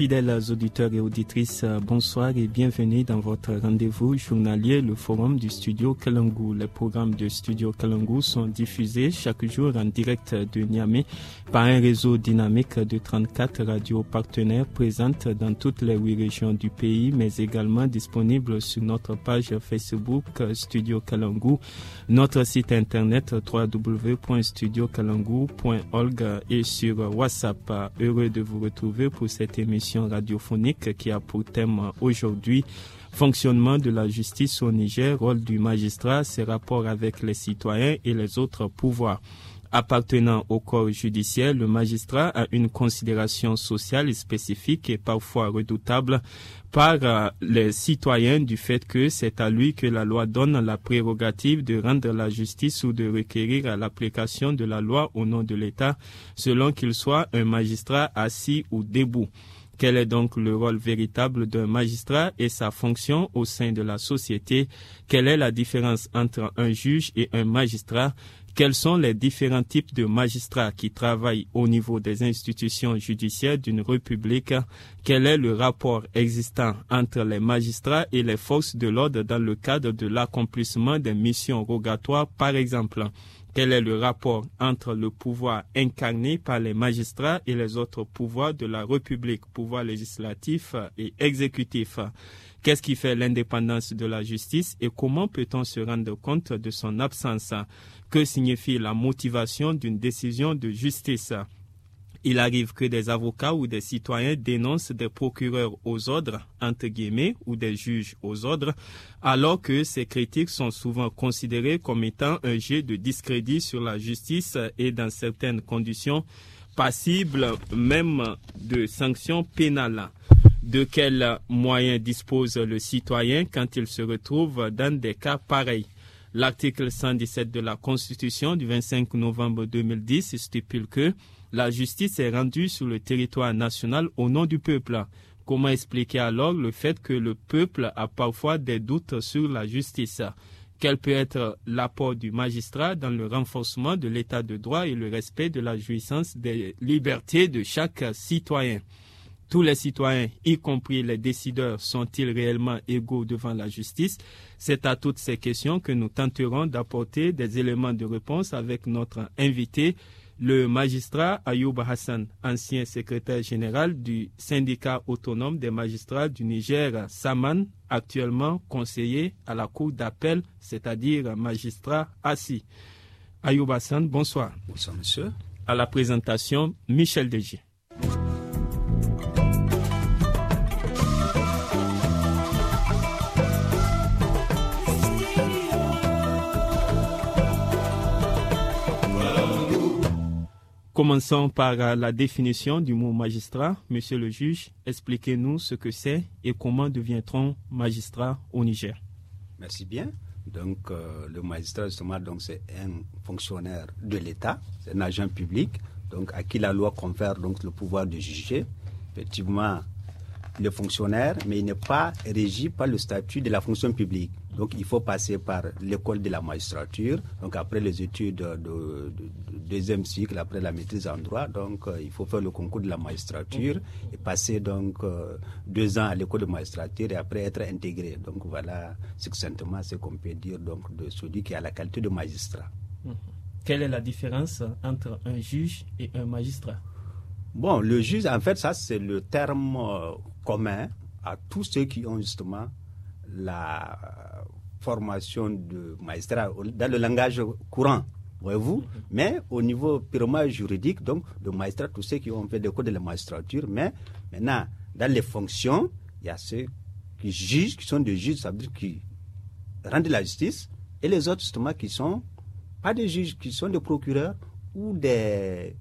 Fidèles auditeurs et auditrices, euh, bonsoir et bienvenue dans votre rendez-vous journalier, le forum du studio Kalangu. Les programmes de studio Kalangu sont diffusés chaque jour en direct de Niamey par un réseau dynamique de 34 radios partenaires présentes dans toutes les huit régions du pays, mais également disponibles sur notre page Facebook Studio Kalangu, notre site internet www.studiokalangu.org et sur WhatsApp. Heureux de vous retrouver pour cette émission radiophonique qui a pour thème euh, aujourd'hui fonctionnement de la justice au Niger, rôle du magistrat, ses rapports avec les citoyens et les autres pouvoirs. Appartenant au corps judiciaire, le magistrat a une considération sociale spécifique et parfois redoutable par euh, les citoyens du fait que c'est à lui que la loi donne la prérogative de rendre la justice ou de requérir l'application de la loi au nom de l'État, selon qu'il soit un magistrat assis ou debout. Quel est donc le rôle véritable d'un magistrat et sa fonction au sein de la société Quelle est la différence entre un juge et un magistrat quels sont les différents types de magistrats qui travaillent au niveau des institutions judiciaires d'une république Quel est le rapport existant entre les magistrats et les forces de l'ordre dans le cadre de l'accomplissement des missions rogatoires, par exemple quel est le rapport entre le pouvoir incarné par les magistrats et les autres pouvoirs de la République, pouvoir législatif et exécutif Qu'est-ce qui fait l'indépendance de la justice et comment peut-on se rendre compte de son absence Que signifie la motivation d'une décision de justice il arrive que des avocats ou des citoyens dénoncent des procureurs aux ordres, entre guillemets, ou des juges aux ordres, alors que ces critiques sont souvent considérées comme étant un jet de discrédit sur la justice et dans certaines conditions passibles même de sanctions pénales. De quels moyens dispose le citoyen quand il se retrouve dans des cas pareils L'article 117 de la Constitution du 25 novembre 2010 stipule que la justice est rendue sur le territoire national au nom du peuple. Comment expliquer alors le fait que le peuple a parfois des doutes sur la justice Quel peut être l'apport du magistrat dans le renforcement de l'état de droit et le respect de la jouissance des libertés de chaque citoyen tous les citoyens, y compris les décideurs, sont-ils réellement égaux devant la justice C'est à toutes ces questions que nous tenterons d'apporter des éléments de réponse avec notre invité, le magistrat Ayoub Hassan, ancien secrétaire général du syndicat autonome des magistrats du Niger, Saman, actuellement conseiller à la cour d'appel, c'est-à-dire magistrat assis. Ayoub Hassan, bonsoir. Bonsoir, monsieur. À la présentation, Michel Degier. Commençons par euh, la définition du mot magistrat. Monsieur le juge, expliquez-nous ce que c'est et comment devient-on magistrat au Niger. Merci bien. Donc, euh, le magistrat, justement, donc, c'est un fonctionnaire de l'État, c'est un agent public, donc, à qui la loi confère donc, le pouvoir de juger. Effectivement, le fonctionnaire, mais il n'est pas régi par le statut de la fonction publique. Donc il faut passer par l'école de la magistrature, donc après les études de, deuxième cycle, après la maîtrise en droit, donc euh, il faut faire le concours de la magistrature et passer donc euh, deux ans à l'école de magistrature et après être intégré. Donc voilà succinctement ce qu'on peut dire donc de celui qui a la qualité de magistrat. Mhm. Quelle est la différence entre un juge et un magistrat Bon, le juge, en fait, ça c'est le terme euh, commun à tous ceux qui ont justement la formation de magistrat dans le langage courant. Voyez-vous, mais au niveau purement juridique, donc de magistrat, tous ceux qui ont fait des cours de la magistrature, mais maintenant, dans les fonctions, il y a ceux qui jugent, qui sont des juges, ça veut dire qui rendent la justice, et les autres, justement, qui sont pas des juges, qui sont des procureurs ou des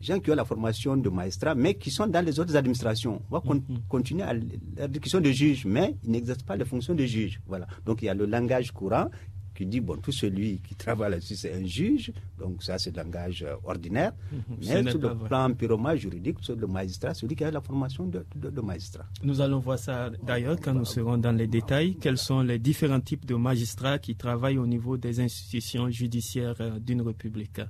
gens qui ont la formation de magistrat, mais qui sont dans les autres administrations. On va mm-hmm. continuer à, l'éducation de juges, mais ils n'exercent pas les fonctions de juge. Voilà. Donc il y a le langage courant qui dit bon, tout celui qui travaille là-dessus, c'est un juge. Donc ça, c'est le langage euh, ordinaire. Mm-hmm. mais sur le plan purement juridique, sur le magistrat, celui qui a la formation de, de, de magistrat. Nous allons voir ça d'ailleurs quand nous serons dans les détails. Quels sont les différents types de magistrats qui travaillent au niveau des institutions judiciaires euh, d'une république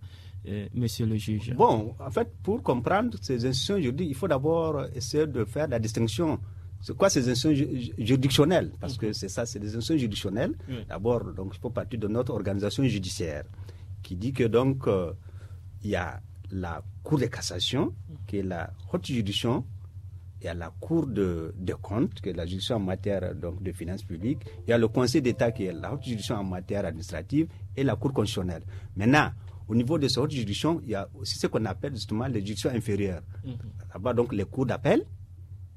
euh, monsieur le juge Bon, en fait, pour comprendre ces institutions juridiques, il faut d'abord essayer de faire la distinction. C'est quoi ces institutions juridictionnelles Parce que c'est ça, c'est des institutions juridictionnelles. D'abord, donc, il partir de notre organisation judiciaire qui dit que donc, euh, il y a la Cour de cassation, qui est la haute juridiction, il y a la Cour de, comptes, qui est la juridiction en matière donc, de finances publiques, il y a le Conseil d'État, qui est la haute juridiction en matière administrative, et la Cour constitutionnelle. Maintenant, au niveau de ces hautes juridictions, il y a aussi ce qu'on appelle justement les juridictions inférieures. Mm donc, les cours d'appel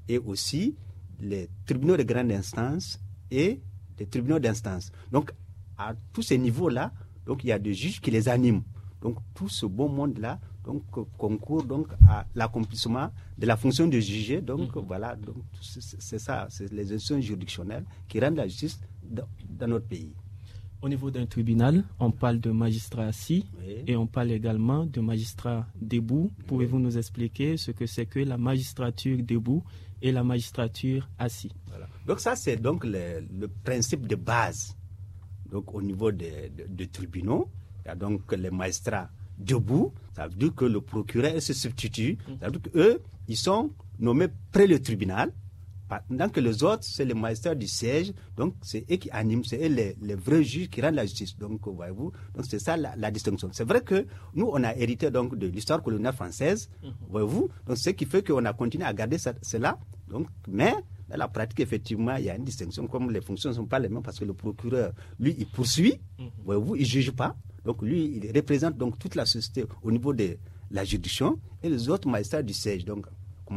et aussi les tribunaux de grande instance et les tribunaux d'instance. Donc, à tous ces niveaux-là, donc, il y a des juges qui les animent. Donc, tout ce beau monde-là, donc concourt donc à l'accomplissement de la fonction de juger. Donc mhm. voilà, donc c'est ça, c'est les institutions juridictionnelles qui rendent la justice dans notre pays. Au niveau d'un tribunal, on parle de magistrat assis et on parle également de magistrat debout. Pouvez-vous nous expliquer ce que c'est que la magistrature debout et la magistrature assis Donc ça, c'est donc le, principe de base. Donc au niveau des tribunaux, il y a donc les magistrats debout, ça veut dire que le procureur se substitue, mm. ça veut dire qu'eux, ils sont nommés près le tribunal, donc, que les autres, c'est les magistrats du siège, donc c'est eux qui animent, c'est eux les, les, vrais juges qui rendent la justice. Donc, voyez-vous, donc c'est ça la, distinction. C'est vrai que nous, on a hérité donc de l'histoire coloniale française, mhm. voyez-vous, donc ce qui fait qu'on a continué à garder cela. Donc, mais dans la pratique, effectivement, il y a une distinction, comme les fonctions ne sont pas les mêmes, parce que le procureur, lui, il poursuit, mhm. voyez-vous, il ne juge pas. Donc, lui, il représente donc toute la société au niveau de la juridiction et les autres maîtres du siège. Donc,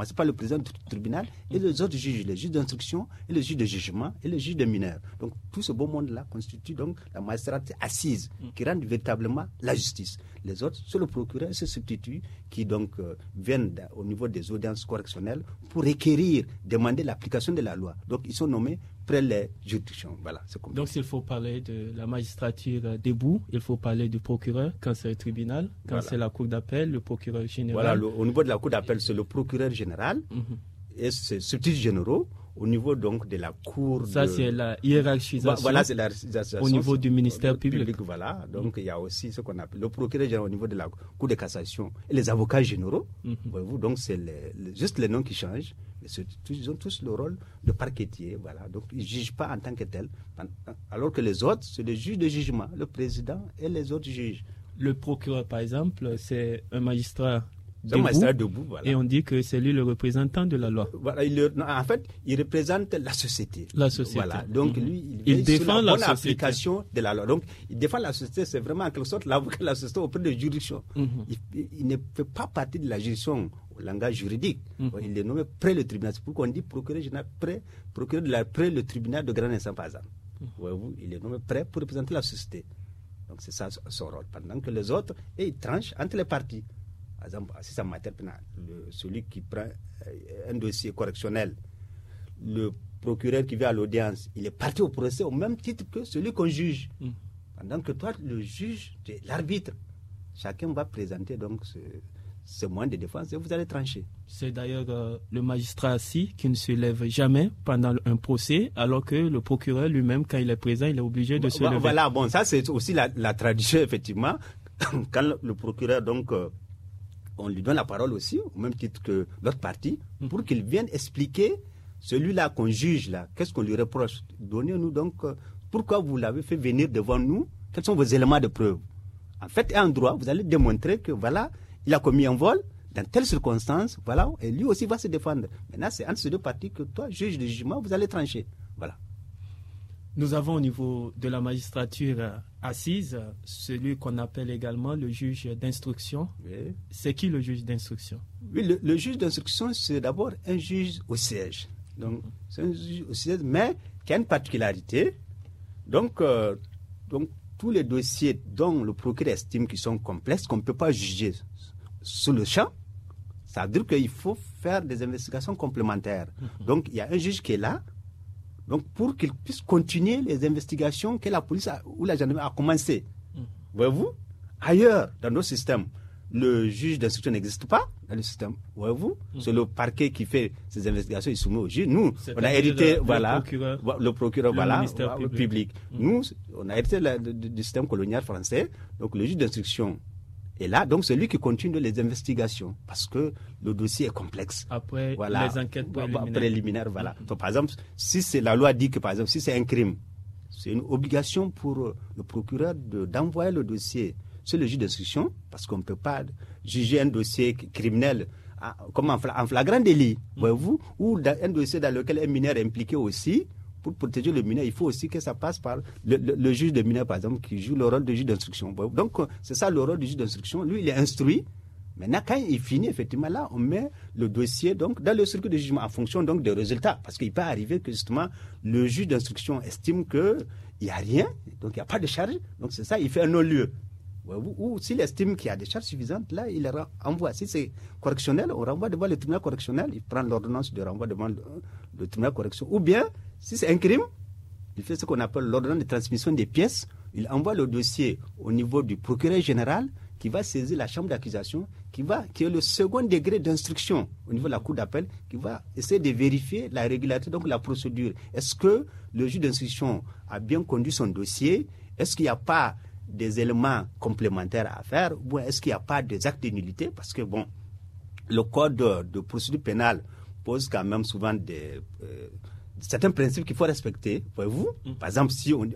n'est pas le président du tribunal et les autres juges, les juges d'instruction et les juges de jugement et les juges de mineurs. Donc tout ce beau monde-là constitue donc la magistrature assise mm. qui rend véritablement la justice. Les autres, c'est le procureur et ses substituts qui donc euh, viennent au niveau des audiences correctionnelles pour requérir, demander l'application de la loi. Donc ils sont nommés après les juridictions. Donc, s'il faut parler de la magistrature debout, il faut parler du procureur quand c'est le tribunal, quand c'est la cour d'appel, le procureur général. Voilà, au niveau de la cour d'appel, c'est le procureur général mhm. et c'est substituts généraux au niveau donc de la cour. Ça, c'est la hiérarchisation. Voilà, c'est la hiérarchisation. Au niveau du ministère public. Voilà, donc mhm. il y a aussi ce qu'on appelle le procureur général au niveau de la cour de cassation et les avocats généraux. Mhm. Voyez-vous, donc c'est juste les noms qui changent, ils ont tous le rôle de parquetier. Voilà. Donc, ils ne jugent pas en tant que tels. Alors que les autres, c'est le juge de jugement, le président et les autres juges. Le procureur, par exemple, c'est un magistrat Debout, magistrat debout, Et on dit que c'est lui le représentant de la loi. Voilà, en fait, il représente la société. La société. Donc, mhm. lui, il, défend la, de la loi. Donc, il défend la société, c'est vraiment en quelque sorte l'avocat de la société auprès de juridiction. Mhm. Il, il, ne fait pas partie de la juridiction langage juridique. Mm-hmm. Il est nommé près le tribunal. C'est pourquoi on dit procureur général près, procureur de la, près le tribunal de grande instance, par exemple. Voyez-vous, il est nommé près pour représenter la société. Donc c'est ça son rôle. Pendant que les autres, et ils tranchent entre les parties. Par exemple, c'est en matière pénale. celui qui prend euh, un dossier correctionnel, le procureur qui vient à l'audience, il est parti au procès au même titre que celui qu'on juge. Mm-hmm. Pendant que toi, le juge, tu es l'arbitre. Chacun va présenter donc ce, c'est moins de défense et vous allez trancher. C'est d'ailleurs euh, le magistrat assis qui ne se lève jamais pendant un procès, alors que le procureur lui-même, quand il est présent, il est obligé de se lever. Voilà, bon, ça c'est aussi la, tradition, effectivement. quand le procureur, donc, euh, on lui donne la parole aussi, au même titre que l'autre partie, mhm. pour qu'il vienne expliquer celui-là qu'on juge, là, qu'est-ce qu'on lui reproche Donnez-nous donc euh, pourquoi vous l'avez fait venir devant nous, quels sont vos éléments de preuve. En fait, un droit, vous allez démontrer que voilà, il a commis un vol, dans telle circonstances, voilà, et lui aussi va se défendre. Maintenant, c'est entre ces deux parties que toi, juge de jugement, vous allez trancher. Voilà. Nous avons au niveau de la magistrature euh, assise celui qu'on appelle également le juge d'instruction. C'est qui le juge d'instruction Oui, le, juge d'instruction, c'est d'abord un juge au siège. Donc, c'est un juge au siège, mais qui a une particularité. Donc, euh, donc tous les dossiers dont le procureur estime qu'ils sont complexes, qu'on ne peut pas juger sous le champ, ça veut dire qu'il faut faire des investigations complémentaires. Mhm. Donc, il y a un juge qui est là, donc pour qu'il puisse continuer les investigations que la police ou la gendarmerie a commencées. Mhm. Voyez-vous Ailleurs, dans nos systèmes, le juge d'instruction n'existe pas dans le système. Voyez-vous mhm. C'est le parquet qui fait ses investigations, il soumet au juge. Nous, on a hérité, voilà, le procureur, voilà, Le public. public. Nous, on a hérité du système colonial français. Donc, le juge d'instruction et là, donc, c'est lui qui continue les investigations parce que le dossier est complexe. Après les enquêtes bah, bah, préliminaires. voilà. Mm-hmm. par exemple, si c'est la loi dit que, par exemple, si c'est un crime, c'est une obligation pour le procureur d'envoyer le dossier sur le juge d'instruction parce qu'on ne peut pas juger un dossier criminel ah, comme en, flagrant délit, mm-hmm. voyez-vous, ou un dossier dans lequel un mineur est impliqué aussi pour protéger le mineur, il faut aussi que ça passe par le, juge de mineur, par exemple, qui joue le rôle de juge d'instruction. Donc, euh, c'est ça le rôle du juge d'instruction. Lui, il est instruit. Maintenant, quand il finit, effectivement, là, on met le dossier donc, dans le circuit de jugement en fonction donc, des résultats. Parce qu'il peut arriver que, justement, le juge d'instruction estime qu'il n'y a rien, donc il n'y a pas de charge. Donc, c'est ça, il fait un non-lieu. Ou, s'il estime qu'il y a des charges suffisantes, là, il renvoie. Si c'est correctionnel, on renvoie devant le tribunal correctionnel, il prend l'ordonnance de renvoi devant le tribunal correctionnel. Ou bien, si c'est un crime, il fait ce qu'on appelle l'ordonnance de transmission des pièces. Il envoie le dossier au niveau du procureur général qui va saisir la chambre d'accusation, qui, va, qui est le second degré d'instruction au niveau de la cour d'appel, qui va essayer de vérifier la régularité, donc la procédure. Est-ce que le juge d'instruction a bien conduit son dossier Est-ce qu'il n'y a pas des éléments complémentaires à faire Ou est-ce qu'il n'y a pas des actes de nullité Parce que, bon, le code de procédure pénale pose quand même souvent des, euh, certains principes qu'il faut respecter, voyez-vous. Mm. Par exemple, si on,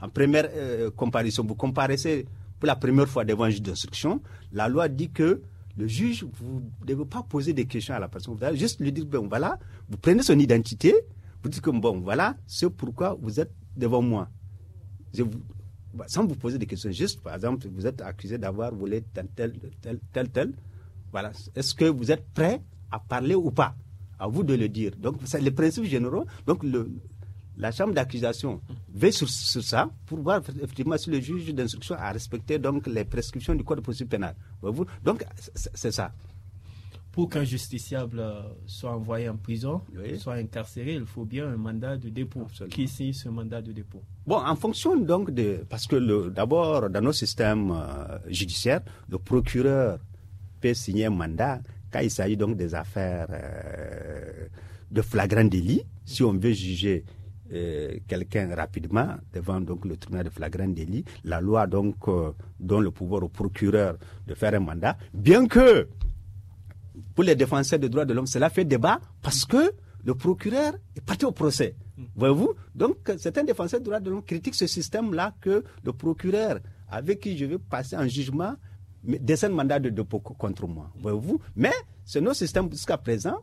en première euh, comparaison, vous comparaissez pour la première fois devant un juge d'instruction, la loi dit que le juge, vous ne devez pas poser des questions à la personne. Vous allez juste lui dire, bon voilà, vous prenez son identité, vous dites que, bon, voilà, c'est pourquoi vous êtes devant moi. Bah, sans vous poser des questions, juste, par exemple, vous êtes accusé d'avoir volé tel, tel, tel, tel, tel. Voilà, est-ce que vous êtes prêt à parler ou pas à vous de le dire. Donc, c'est les principes généraux. Donc, le, la chambre d'accusation veille sur, ça pour voir effectivement si le juge d'instruction a respecté donc les prescriptions du code de procédure pénale. Donc c'est ça. Pour qu'un justiciable euh, soit envoyé en prison, soit incarcéré, il faut bien un mandat de dépôt. Qui signe ce mandat de dépôt Bon, en fonction donc de. Parce que d'abord, dans nos systèmes euh, judiciaires, le procureur peut signer un mandat quand il s'agit donc des affaires euh, de flagrant délit, si on veut juger euh, quelqu'un rapidement devant donc le tribunal de flagrant délit, la loi donc euh, donne le pouvoir au procureur de faire un mandat, bien que pour les défenseurs des droits de l'homme, cela fait débat parce que le procureur est parti au procès. Voyez-vous Donc certains défenseurs des droits de l'homme critiquent ce système-là que le procureur avec qui je vais passer un jugement des mandat de dépôt contre moi. Voyez-vous Mais c'est nos système jusqu'à présent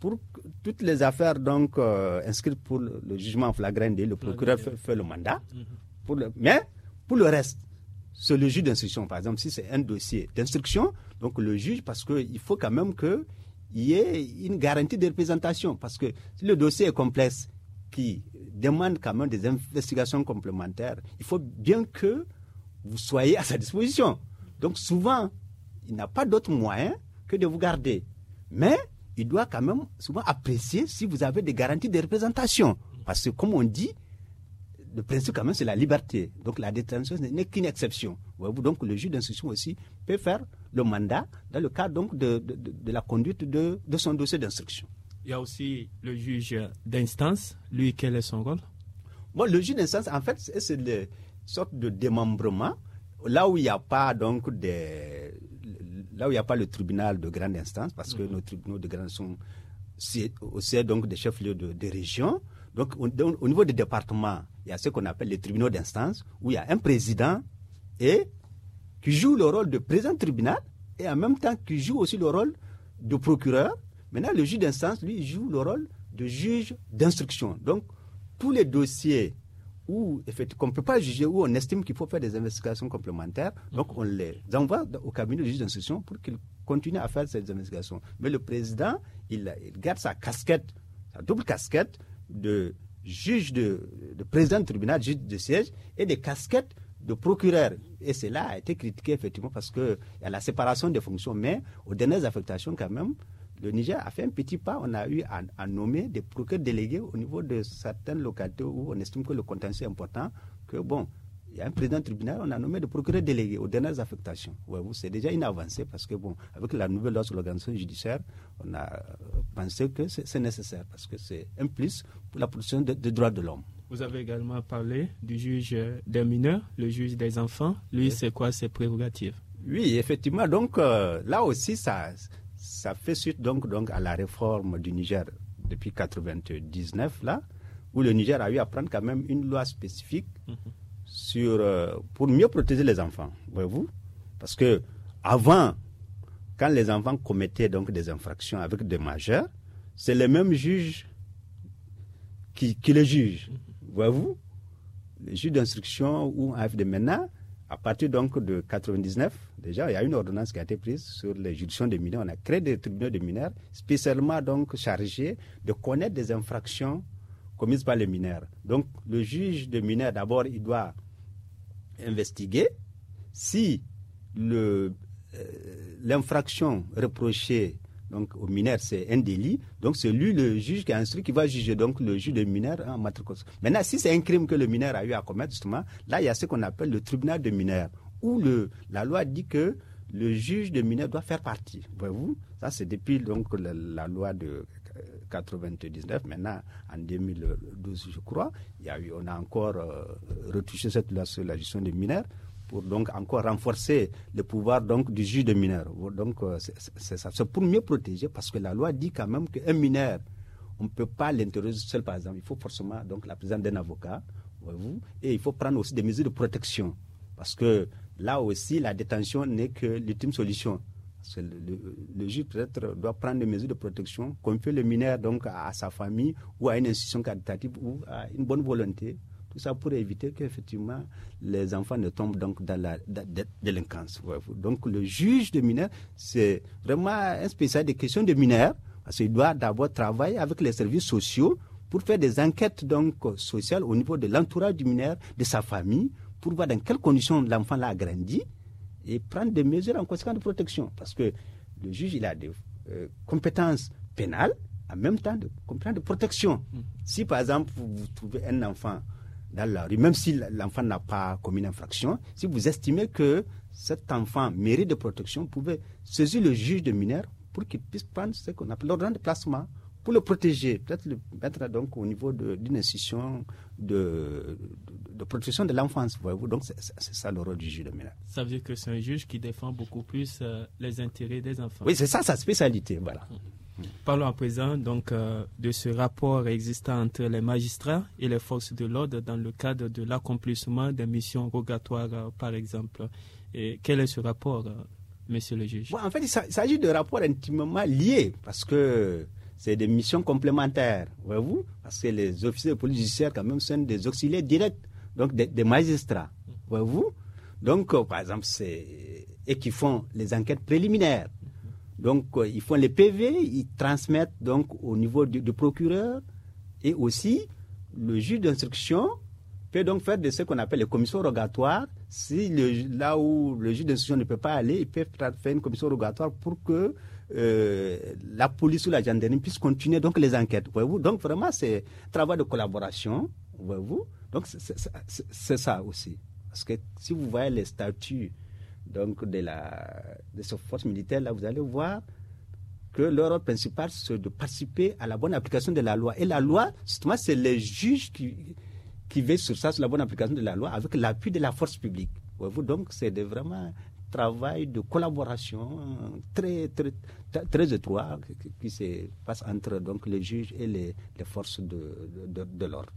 pour toutes les affaires donc euh, inscrites pour le, jugement flagrant le procureur fait, le mandat. Mhm. Pour le, mais pour le reste, c'est le juge d'instruction. Par exemple, si c'est un dossier d'instruction, donc le juge, parce qu'il faut quand même qu'il y ait une garantie de représentation. Parce que si le dossier est complexe, qui demande quand même des investigations complémentaires, il faut bien que vous soyez à sa disposition. Donc souvent, il n'a pas d'autre moyen que de vous garder. Mais il doit quand même souvent apprécier si vous avez des garanties de représentation. Parce que comme on dit, le principe quand même c'est la liberté. Donc la détention n'est qu'une exception. Voyez-vous, donc le juge d'instruction aussi peut faire le mandat dans le cadre donc de, la conduite de, son dossier d'instruction. Il y a aussi le juge d'instance. Lui, quel est son rôle Le juge d'instance, en fait, c'est une sorte de démembrement là où il n'y a pas donc des là où il a pas le tribunal de grande instance, parce que mhm. nos tribunaux de grande instance sont aussi donc des chefs-lieux de, régions. région. Donc, au niveau des départements, il y a ce qu'on appelle les tribunaux d'instance, où il y a un président et qui joue le rôle de président de tribunal et en même temps qui joue aussi le rôle de procureur. Maintenant, le juge d'instance, lui, joue le rôle de juge d'instruction. Donc, tous les dossiers où, effectivement, ne peut pas juger, où on estime qu'il faut faire des investigations complémentaires. Mm. Donc, on les envoie au cabinet du juge d'instruction pour qu'il continue à faire ces investigations. Mais le président, il, garde sa casquette, sa double casquette de juge de, président du tribunal, juge de siège, et des casquettes de procureur. Et cela a été critiqué, effectivement, parce qu'il y a la séparation des fonctions. Mais aux dernières affectations, quand même, le Niger a fait un petit pas. On a eu à, nommer des procureurs délégués au niveau de certaines localités où on estime que le contentieux est important. Que bon, il y a un président tribunal, on a nommé des procureurs délégués aux dernières affectations. c'est déjà une avancée parce que bon, avec la nouvelle loi sur l'organisation judiciaire, on a euh, pensé que c'est nécessaire parce que c'est un plus pour la protection des droits de l'homme. Vous avez également parlé du juge euh, des mineurs, le juge des enfants. Lui, c'est quoi ses prérogatives Oui, effectivement. Donc euh, là aussi, ça, ça fait suite donc, donc à la réforme du Niger depuis 1999 là, où le Niger a eu à prendre quand même une loi spécifique mhm. sur, euh, pour mieux protéger les enfants, voyez-vous Parce que avant, quand les enfants commettaient donc des infractions avec des majeurs, c'est le même juge qui, les juge, mhm. voyez-vous Le juge d'instruction ou AFD maintenant, à partir donc de 1999. Déjà, il y a une ordonnance qui a été prise sur les juridictions des mineurs. On a créé des tribunaux des mineurs spécialement donc chargés de connaître des infractions commises par les mineurs. Donc, le juge des mineurs, d'abord, il doit investiguer si euh, l'infraction reprochée donc au c'est un délit. Donc c'est lui le juge qui a instruit, qui va juger donc le juge des mineurs en matricule. Maintenant, si c'est un crime que le mineur a eu à commettre, justement, là, il y a ce qu'on appelle le tribunal des mineurs où le, la loi dit que le juge de mineurs doit faire partie. Voyez-vous, ça c'est depuis donc la, loi de 99. Euh, maintenant, en 2012, je crois, il y eu, on a encore euh, retouché cette loi sur la gestion des mineurs pour donc encore renforcer le pouvoir donc du juge de mineurs. Donc euh, c'est ça, c'est pour mieux protéger parce que la loi dit quand même qu'un mineur, on ne peut pas l'interroger seul par exemple. Il faut forcément donc la présence d'un avocat, voyez-vous, et il faut prendre aussi des mesures de protection parce que Là aussi, la détention n'est que l'ultime solution. le, juge peut-être doit prendre des mesures de protection, confier le mineur donc à, sa famille ou à une institution caritative ou à une bonne volonté. Tout ça pour éviter qu'effectivement les enfants ne tombent donc dans la délinquance. Donc le juge de mineur, c'est vraiment un spécial des questions de mineurs parce doit d'abord travailler avec les services sociaux pour faire des enquêtes donc euh, sociales au niveau de l'entourage du mineur, de sa famille, pour voir dans quelles conditions l'enfant a grandi et prendre des mesures en conséquence de protection. Parce que le juge, il a des euh, compétences pénales, en même temps de compétences de protection. Mm. Si, par exemple, vous, trouvez un enfant dans la rue, même si l'enfant n'a pas commis une infraction, si vous estimez que cet enfant mérite de protection, vous pouvez saisir le juge de mineur pour qu'il puisse prendre ce qu'on appelle l'ordre de placement pour le protéger, peut-être le mettre donc au niveau d'une institution de, de, protection de l'enfance, voyez-vous. Donc, c'est ça le rôle du juge de mineurs. Ça veut dire que c'est un juge qui défend beaucoup plus euh, les intérêts des enfants. Oui, c'est ça sa spécialité, voilà. Mm. Parlons à présent donc euh, de ce rapport existant entre les magistrats et les forces de l'ordre dans le cadre de l'accomplissement des missions rogatoires, euh, par exemple. Et quel est ce rapport, monsieur le juge En fait, il s'agit de rapports intimement liés parce que c'est des missions complémentaires, voyez-vous, parce que les officiers police judiciaire, quand même, sont des auxiliaires directs, donc des, magistrats, voyez-vous. Donc, euh, par exemple, c'est. et qui font les enquêtes préliminaires. Donc, euh, ils font les PV, ils transmettent donc au niveau du, procureur et aussi le juge d'instruction peut donc faire de ce qu'on appelle les commissions rogatoires. Si le, là où le juge d'instruction ne peut pas aller, il peut faire une commission rogatoire pour que euh, la police ou la gendarmerie puissent continuer donc les enquêtes. Voyez-vous Donc vraiment, c'est travail de collaboration. Voyez-vous Donc c'est ça aussi. Parce que si vous voyez les statuts donc de, la, de ces forces militaires, là, vous allez voir que leur rôle principal, c'est de participer à la bonne application de la loi. Et la loi, justement, c'est les juges qui, qui veillent sur ça, sur la bonne application de la loi, avec l'appui de la force publique. Donc, c'est vraiment travail de collaboration euh, très, très, très étroit qui se passe entre donc, les juges et les, forces de, de, l'ordre.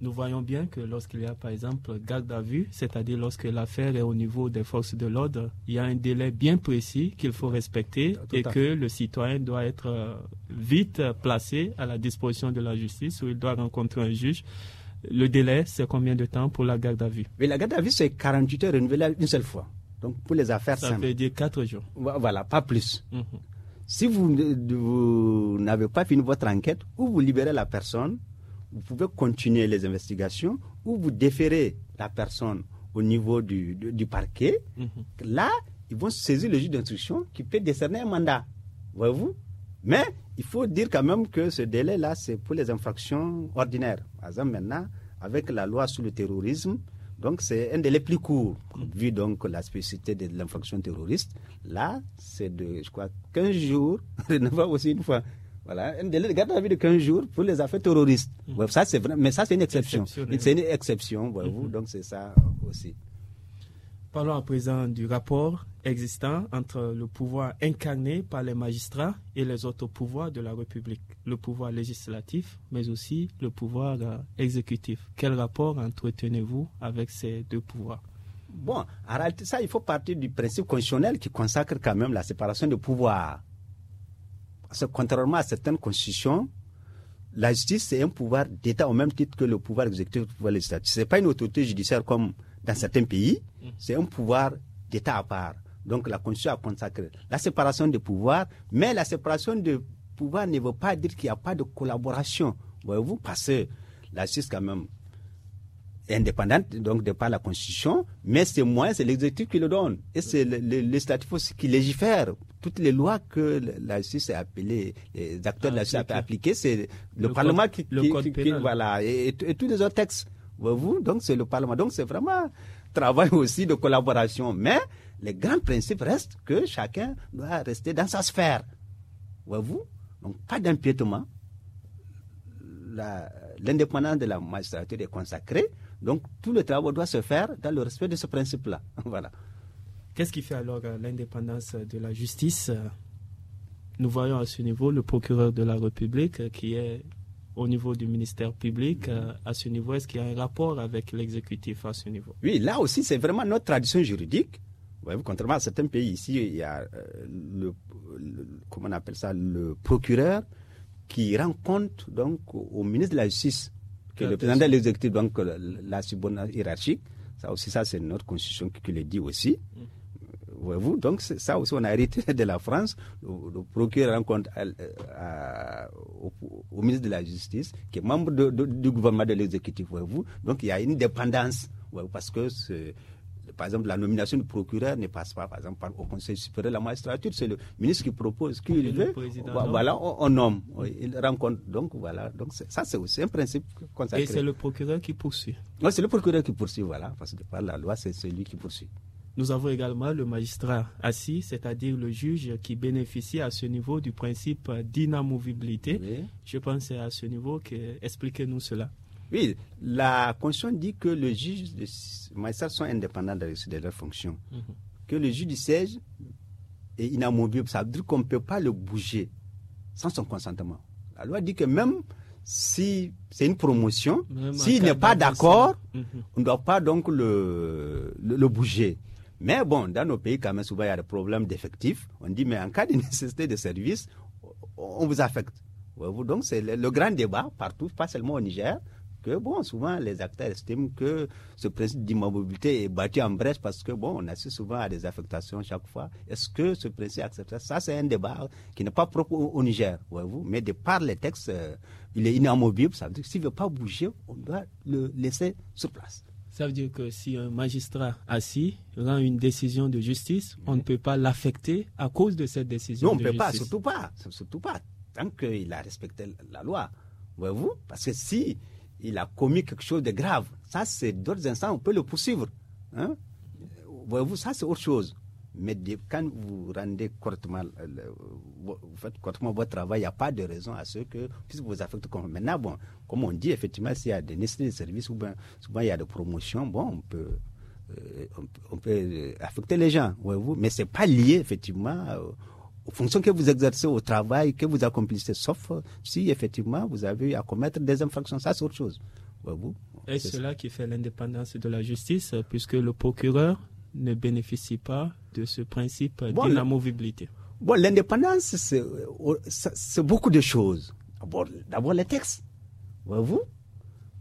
Nous voyons bien que lorsqu'il y a par exemple garde à vue, c'est-à-dire lorsque l'affaire est au niveau des forces de l'ordre, il y a un délai bien précis qu'il faut respecter et que le citoyen doit être euh, vite placé à la disposition de la justice où il doit rencontrer un juge. Le délai, c'est combien de temps pour la garde à vue Mais la garde à vue, c'est 48 heures renouvelable une seule fois. Donc pour les affaires Ça simples. Ça veut dire 4 jours. Voilà, pas plus. Mhm. Si vous, n'avez pas fini votre enquête, ou vous libérez la personne, vous pouvez continuer les investigations, ou vous déférez la personne au niveau du, du, parquet. Mhm. Là, ils vont saisir le juge d'instruction qui peut décerner un mandat. Voyez-vous Mais il faut dire quand même que ce délai-là, c'est pour les infractions ordinaires. Par exemple, maintenant, avec la loi sur le terrorisme, donc c'est un délai plus court, vu donc la spécificité de l'infraction terroriste. Là, c'est de, je crois, 15 jours, renouvelable aussi une fois. Voilà, un délai de garde de 15 jours pour les affaires terroristes. Mm. c'est mais ça, c'est une exception. Hein. C'est une exception, vous mm-hmm. donc c'est ça aussi. Parlons à présent du rapport existant entre le pouvoir incarné par les magistrats et les autres pouvoirs de la République, le pouvoir législatif, mais aussi le pouvoir euh, exécutif. Quel rapport entretenez-vous avec ces deux pouvoirs Bon, en réalité, ça, il faut partir du principe constitutionnel qui consacre quand même la séparation de pouvoirs. Parce que contrairement à certaines constitutions, la justice, c'est un pouvoir d'État au même titre que le pouvoir exécutif le pouvoir législatif. Ce n'est pas une autorité judiciaire comme dans certains pays, mm. c'est un pouvoir d'État à part. Donc la Constitution a consacré la séparation des pouvoirs, mais la séparation des pouvoirs ne veut pas dire qu'il n'y a pas de collaboration. Voyez-vous, parce que la justice quand même indépendante, donc de par la Constitution, mais c'est moi, c'est l'exécutif qui le donne. Et c'est le, statut qui légifère. Toutes les lois que la Suisse est appelée, les acteurs de la justice ont appliqué, c'est le, Parlement qui, qui, Voilà, et, tous les autres textes. Voyez-vous, donc c'est le Parlement. Donc c'est vraiment travail aussi de collaboration. Mais les grands principes restent que chacun doit rester dans sa sphère. Voyez-vous Donc, pas d'impiétement L'indépendance de la magistrature est consacrée. Donc, tout le travail doit se faire dans le respect de ce principe-là. voilà. Qu'est-ce qui fait alors euh, l'indépendance de la justice euh? Nous voyons à ce niveau le procureur de la République euh, qui est au niveau du ministère public. À ce niveau, est-ce qu'il y a un rapport avec l'exécutif à ce niveau Oui, là aussi, c'est vraiment notre tradition juridique contrairement à certains pays, ici, il y a euh, le, on appelle ça, le procureur qui rend compte donc au ministre de la Justice, que le président de l'exécutif, donc la subordination hiérarchique. Ça aussi, ça, c'est notre constitution qui, le dit aussi. Mm. Voyez-vous, donc ça aussi, on a hérité de la France. Le, procureur rend compte au, ministre de la Justice, qui est membre du gouvernement de l'exécutif, voyez-vous. Donc, il y a une dépendance, parce que par exemple, la nomination du procureur ne passe pas, par exemple, par, au Conseil supérieur de la magistrature. C'est le ministre qui propose, qui le veut. Voilà, on, nomme. Il rencontre. Donc, voilà. Donc, ça, c'est aussi un principe consacré. Et c'est le procureur qui poursuit. Oui, c'est le procureur qui poursuit, voilà. Parce que par la loi, c'est celui qui poursuit. Nous avons également le magistrat assis, c'est-à-dire le juge qui bénéficie à ce niveau du principe d'inamovibilité. Je pense à ce niveau que expliquez-nous cela. Oui, la Constitution dit que le juge, de magistrats sont indépendants de, de fonction. Mhm. Que le juge du siège est inamovible. Ça veut dire qu'on ne peut pas le bouger sans son consentement. La loi dit que même si c'est une promotion, s'il n'est pas d'accord, mhm. on ne doit pas donc le, bouger. Mais bon, dans nos pays, quand même, souvent, il y a des problèmes d'effectifs. On dit, mais en cas de nécessité de service, on vous affecte. Donc, c'est le, grand débat partout, pas seulement au Niger que, bon, souvent, les acteurs estiment que ce principe d'immobilité est bâti en brèche parce que, bon, on assiste souvent à des affectations chaque fois. Est-ce que ce principe est acceptable Ça, c'est un débat qui n'est pas propre au Niger, voyez-vous. Mais de par les textes, euh, il est inamovible. Ça veut dire que s'il ne veut pas bouger, on doit le laisser sur place. Ça veut dire que si un magistrat assis rend une décision de justice, on ne peut pas l'affecter à cause de cette décision. de Non, on ne peut pas, surtout pas, surtout pas, tant qu'il a respecté la loi. Voyez-vous Parce que si il a commis quelque chose de grave. Ça, c'est d'autres instants, on peut le poursuivre. Hein. Voyez-vous, ça, c'est autre chose. Mais quand vous rendez correctement, euh, vous faites correctement votre travail, il n'y a pas de raison à ce que, puisque vous affectez comme. Maintenant, bon, comme on dit, effectivement, s'il y a des nécessités de services, souvent, souvent il y a des promotions, bon, on peut. Euh, on, peut euh, affecter les gens, voyez-vous, mais c'est pas lié effectivement aux fonctions que vous exercez au travail, que vous accomplissez, sauf si effectivement vous avez eu à commettre des infractions. Ça, c'est autre chose. Et cela qui fait l'indépendance de la justice, euh, puisque le procureur ne bénéficie pas de ce principe d'inamovibilité. Bon, l'indépendance, euh, c'est beaucoup de choses. D'abord, les textes. Voyez-vous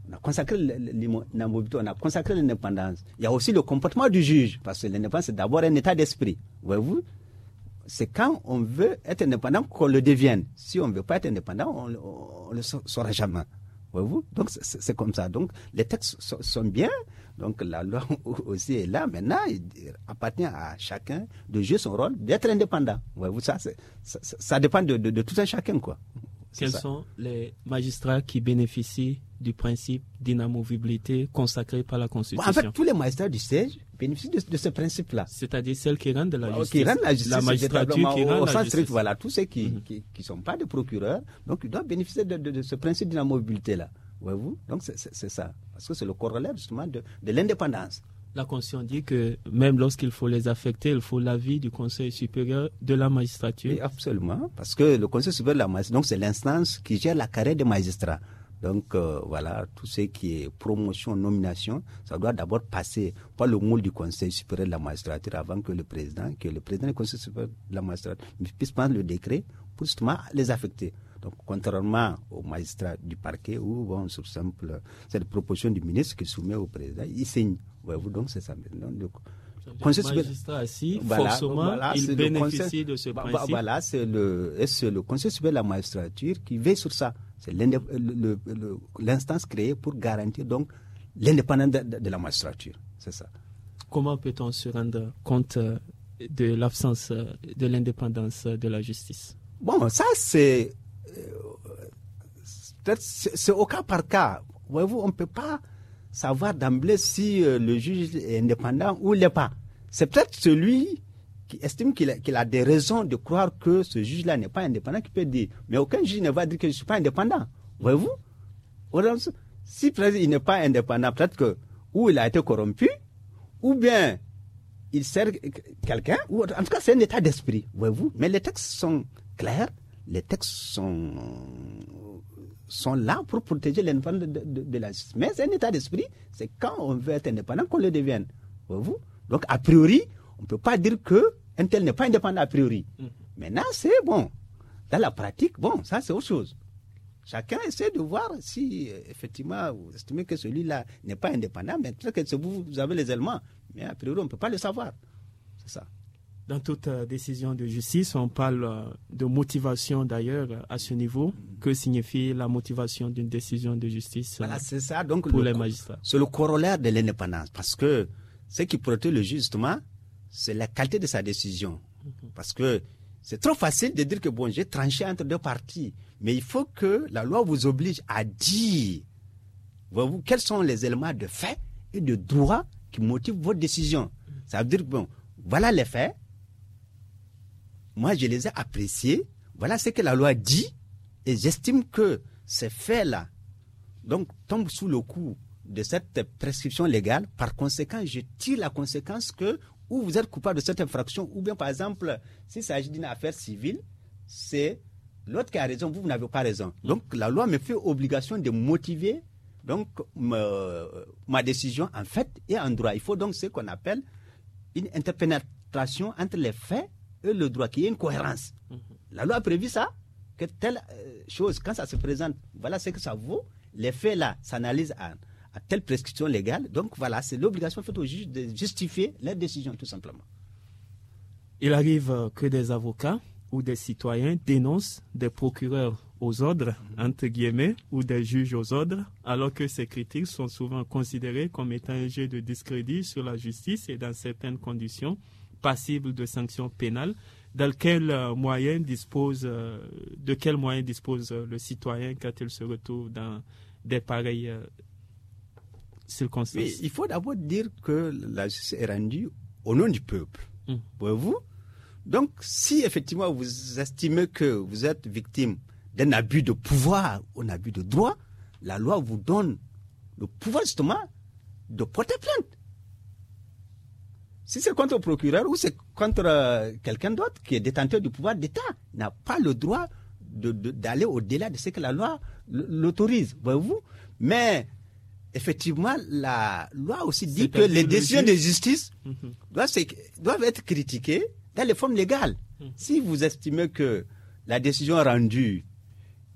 on a consacré l'inamovibilité, on a consacré l'indépendance. Il y a aussi le comportement du juge, parce que l'indépendance, c'est d'abord un état d'esprit. Voyez-vous c'est quand on veut être indépendant qu'on le devienne. Si on ne veut pas être indépendant, on ne le saura jamais. Voyez-vous Donc, c'est comme ça. Donc, les textes sont, bien. Donc, la loi aussi est là. Maintenant, il appartient à chacun de jouer son rôle, d'être indépendant. Voyez-vous ça, ça, ça, dépend de, tout un chacun, quoi. Quels sont les magistrats qui bénéficient du principe d'inamovibilité consacré par la Constitution En fait, tous les magistrats du siège bénéficient de, ce principe-là. C'est-à-dire celles qui rendent la justice. la magistrature qui au, la voilà, tous ceux qui ne mhm. sont pas des procureurs, donc ils doivent bénéficier de, ce principe de la mobilité-là. Voyez-vous Donc c'est ça. Parce que c'est le corollaire justement de, l'indépendance. La Constitution dit que même lorsqu'il faut les affecter, il faut l'avis du Conseil supérieur de la magistrature. Oui, absolument. Parce que le Conseil supérieur de la magistrature, donc c'est l'instance qui gère la carrière des magistrats. Donc euh, voilà, tout ce qui est promotion, nomination, ça doit d'abord passer par le moule du Conseil supérieur de la magistrature avant que le président, que le président du Conseil supérieur de la magistrature puisse prendre le décret pour justement les affecter. Donc, contrairement au magistrat du parquet, où, bon, sur simple, c'est la proposition du ministre qui soumet au président, il signe. Voyez-vous, donc c'est ça. Donc, conseil magistrat voilà, forcément, il bénéficie de ce bah, bah, principe. Voilà, c'est le, le Conseil supérieur de la magistrature qui veille sur ça. C'est l'instance créée pour garantir donc l'indépendance de, la magistrature. C'est ça. Comment peut-on se rendre compte euh, de l'absence euh, de l'indépendance euh, de la justice Bon, ça c'est c'est au cas par cas. Voyez-vous, on ne peut pas savoir d'emblée si le juge est indépendant ou l'est pas. C'est peut-être celui estime qu'il a, des raisons de croire que ce juge-là n'est pas indépendant, qui peut dire, mais aucun juge ne va dire que je ne suis pas indépendant. Voyez-vous Si il n'est pas indépendant, peut-être que ou il a été corrompu, ou bien il sert quelqu'un, ou en tout cas c'est un état d'esprit, voyez-vous. Mais les textes sont clairs, les textes sont, sont là pour protéger l'indépendance de, de, de, la justice. Mais c'est un état d'esprit, c'est quand on veut être indépendant qu'on le devienne, voyez-vous. Donc a priori, on ne peut pas dire que un tel n'est pas indépendant a priori. Mm. Maintenant, c'est bon. Dans la pratique, bon, ça c'est autre chose. Chacun essaie de voir si euh, effectivement vous estimez que celui-là n'est pas indépendant, mais que vous, avez les éléments. Mais a priori, on ne peut pas le savoir. C'est ça. Dans toute euh, décision de justice, on parle euh, de motivation d'ailleurs à ce niveau. Mm. Que signifie la motivation d'une décision de justice ça. Donc, pour les magistrats C'est le corollaire de l'indépendance parce que ce qui protège le justement, c'est la qualité de sa décision. Parce que c'est trop facile de dire que bon, j'ai tranché entre deux parties. Mais il faut que la loi vous oblige à dire vous, quels sont les éléments de fait et de droit qui motivent votre décision. Ça veut dire bon, voilà les faits. Moi, je les ai appréciés. Voilà ce que la loi dit. Et j'estime que ces faits-là tombent sous le coup de cette prescription légale. Par conséquent, je tire la conséquence que ou vous êtes coupable de cette infraction, ou bien par exemple, s'il s'agit d'une affaire civile, c'est l'autre qui a raison, vous, vous n'avez pas raison. Donc la loi me fait obligation de motiver donc euh, ma décision en fait et en droit. Il faut donc ce qu'on appelle une interpénétration entre les faits et le droit, qu'il y ait une cohérence. Mhm. La loi a prévu ça, que telle euh, chose, quand ça se présente, voilà ce que ça vaut. Les faits là s'analyse en à telle prescription légale. Donc voilà, c'est l'obligation faite au juge de justifier la décision, tout simplement. Il arrive euh, que des avocats ou des citoyens dénoncent des procureurs aux ordres, mhm. entre guillemets, ou des juges aux ordres, alors que ces critiques sont souvent considérées comme étant un jeu de discrédit sur la justice et dans certaines conditions passibles de sanctions pénales. Dans quel euh, moyen dispose, euh, de quels moyens dispose le citoyen quand il se retrouve dans des pareils il faut d'abord dire que la justice est rendue au nom du peuple. Hmm. Voyez-vous Donc, si effectivement vous estimez que vous êtes victime d'un abus de pouvoir ou un abus de droit, la loi vous donne le pouvoir justement de porter plainte. Si c'est contre le procureur ou c'est contre euh, quelqu'un d'autre qui est détenteur du pouvoir d'État, n'a pas le droit d'aller au-delà de ce que la loi l'autorise, voyez-vous. Mais effectivement, la loi aussi dit que les décisions de justice mm-hmm. doivent, être critiquées dans les formes légales. Mm-hmm. Si vous estimez que la décision rendue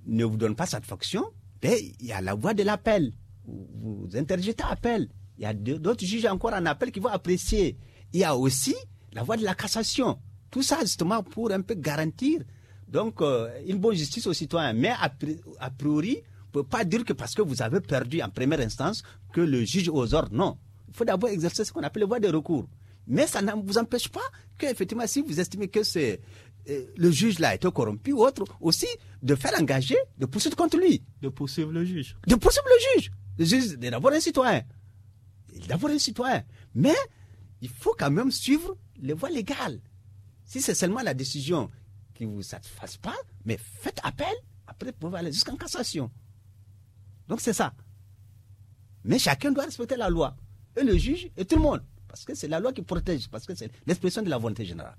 ne vous donne pas satisfaction, ben, il y a la voie de l'appel. Vous interjetez appel. Il y a d'autres juges encore en appel qui vont apprécier. Il y a aussi la voie de la cassation. Tout ça, justement, pour un peu garantir donc euh, une bonne justice aux citoyens. Mais a priori, ne peut pas dire que parce que vous avez perdu en première instance que le juge aux ordres. Non. Il faut d'abord exercer ce qu'on appelle le voie de recours. Mais ça ne vous empêche pas que, effectivement, si vous estimez que c'est euh, le juge là a été corrompu ou autre, aussi de faire engager de poursuivre contre lui. De poursuivre le juge. De poursuivre le juge. Le juge est d'abord un citoyen. Il est d'abord un citoyen. Mais il faut quand même suivre les voies légales. Si c'est seulement la décision qui ne vous satisfasse pas, mais faites appel, après vous pouvez aller jusqu'en cassation. Donc c'est ça. Mais chacun doit respecter la loi. Et le juge et tout le monde. Parce que c'est la loi qui protège, parce que c'est l'expression de la volonté générale.